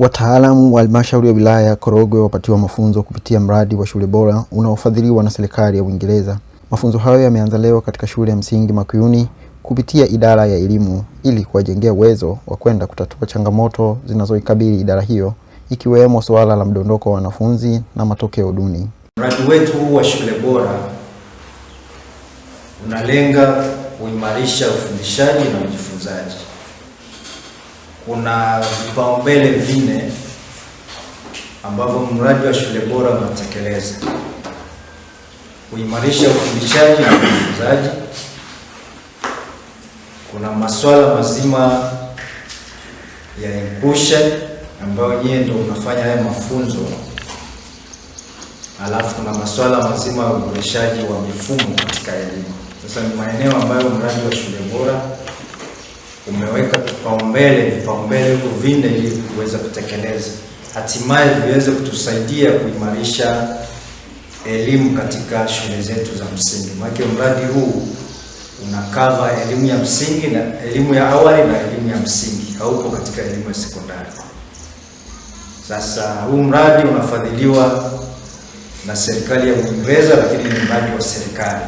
Wataalamu wa halmashauri ya wilaya ya Korogwe wapatiwa mafunzo kupitia mradi wa shule bora unaofadhiliwa na serikali ya Uingereza. Mafunzo hayo yameanza leo katika shule ya msingi Makuyuni kupitia idara ya elimu ili kuwajengea uwezo wa kwenda kutatua changamoto zinazoikabili idara hiyo ikiwemo suala la mdondoko wa wanafunzi na matokeo duni. Mradi wetu huu wa shule bora unalenga kuimarisha ufundishaji na ujifunzaji kuna vipaumbele vinne ambavyo mradi wa shule bora unatekeleza: kuimarisha ufundishaji na ujifunzaji, kuna masuala mazima ya inclusion ambayo nyie ndio unafanya haya mafunzo, alafu kuna masuala mazima ya uboreshaji wa mifumo katika elimu. Sasa ni maeneo ambayo mradi wa shule bora umeweka kipaumbele, vipaumbele hivyo vinne ili kuweza kutekeleza, hatimaye viweze kutusaidia kuimarisha elimu katika shule zetu za msingi. Maana mradi huu unakava elimu ya msingi na elimu ya awali na elimu ya msingi, haupo katika elimu ya sekondari. Sasa huu mradi unafadhiliwa na serikali ya Uingereza, lakini ni mradi wa serikali,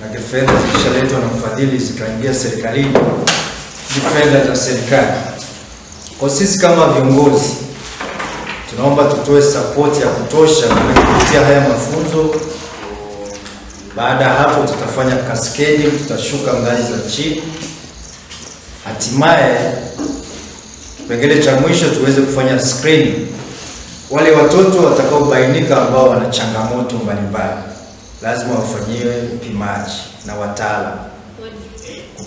na fedha zilishaletwa na mfadhili zikaingia serikalini ni fedha za serikali. Kwa sisi kama viongozi, tunaomba tutoe sapoti ya kutosha kupitia haya mafunzo. Baada ya hapo, tutafanya kaskedi, tutashuka ngazi za chini, hatimaye kipengele cha mwisho tuweze kufanya screening wale watoto watakaobainika ambao wana changamoto mbalimbali lazima wafanyiwe upimaji na wataalamu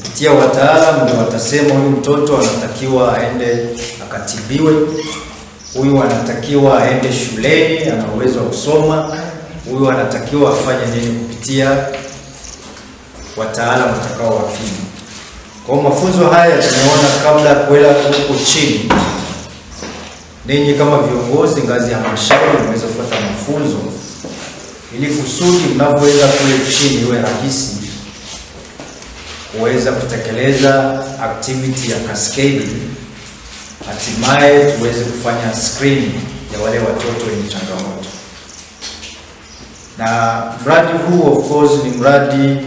kupitia wataalamu ndio watasema huyu mtoto anatakiwa aende akatibiwe, huyu anatakiwa aende shuleni, ana uwezo wa kusoma, huyu anatakiwa afanye nini, kupitia wataalamu watakao wapima. Kwa mafunzo haya tumeona kabla ya kuela huko chini, ninyi kama viongozi ngazi ya halmashauri mnaweza kupata mafunzo ili kusudi mnavyoweza kule chini iwe rahisi kuweza kutekeleza activity ya cascade, hatimaye tuweze kufanya screening ya wale watoto wenye changamoto. Na mradi huu of course ni mradi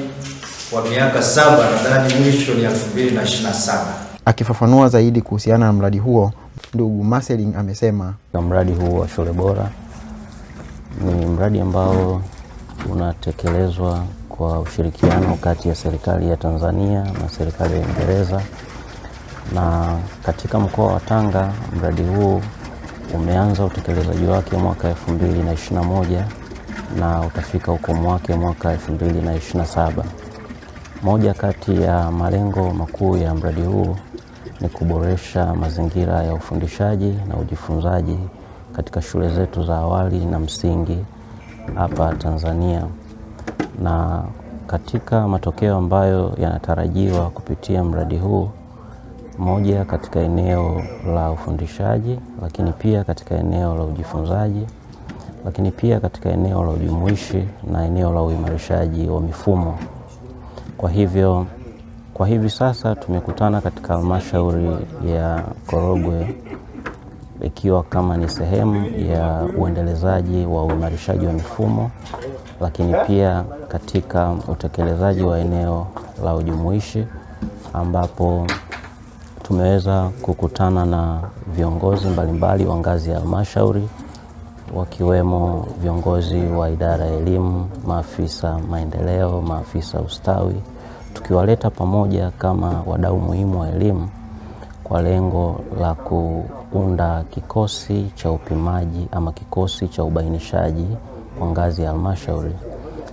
wa miaka saba, nadhani mwisho ni 2027. Akifafanua zaidi kuhusiana na mradi huo, ndugu Marceling amesema mradi huu wa shule bora ni mradi ambao unatekelezwa kwa ushirikiano kati ya serikali ya Tanzania na serikali ya Uingereza. Na katika mkoa wa Tanga, mradi huu umeanza utekelezaji wake mwaka 2021 na utafika ukomo wake mwaka 2027. Moja kati ya malengo makuu ya mradi huu ni kuboresha mazingira ya ufundishaji na ujifunzaji katika shule zetu za awali na msingi hapa Tanzania na katika matokeo ambayo yanatarajiwa kupitia mradi huu, moja katika eneo la ufundishaji, lakini pia katika eneo la ujifunzaji, lakini pia katika eneo la ujumuishi na eneo la uimarishaji wa mifumo. Kwa hivyo, kwa hivi sasa tumekutana katika halmashauri ya Korogwe ikiwa kama ni sehemu ya uendelezaji wa uimarishaji wa mifumo, lakini pia katika utekelezaji wa eneo la ujumuishi ambapo tumeweza kukutana na viongozi mbalimbali wa ngazi ya halmashauri wakiwemo viongozi wa idara ya elimu, maafisa maendeleo, maafisa ustawi, tukiwaleta pamoja kama wadau muhimu wa elimu kwa lengo la kuunda kikosi cha upimaji ama kikosi cha ubainishaji kwa ngazi ya halmashauri,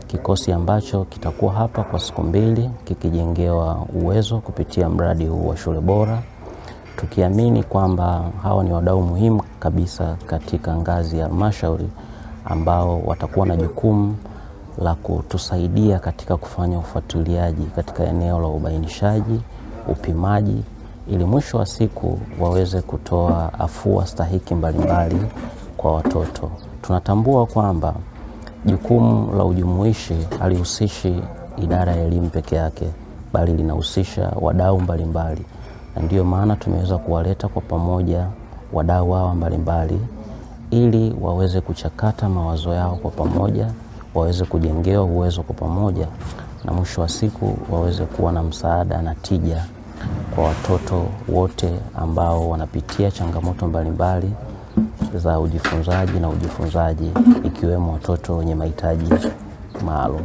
kikosi ambacho kitakuwa hapa kwa siku mbili kikijengewa uwezo kupitia mradi huu wa shule bora, tukiamini kwamba hawa ni wadau muhimu kabisa katika ngazi ya halmashauri ambao watakuwa na jukumu la kutusaidia katika kufanya ufuatiliaji katika eneo la ubainishaji, upimaji ili mwisho wa siku waweze kutoa afua stahiki mbalimbali mbali kwa watoto. Tunatambua kwamba jukumu la ujumuishi halihusishi idara ya elimu peke yake, bali linahusisha wadau mbalimbali, na ndiyo maana tumeweza kuwaleta kwa pamoja wadau hawa mbalimbali ili waweze kuchakata mawazo yao kwa pamoja, waweze kujengewa uwezo kwa pamoja, na mwisho wa siku waweze kuwa na msaada na tija kwa watoto wote ambao wanapitia changamoto mbalimbali za ujifunzaji na ujifunzaji ikiwemo watoto wenye mahitaji maalum.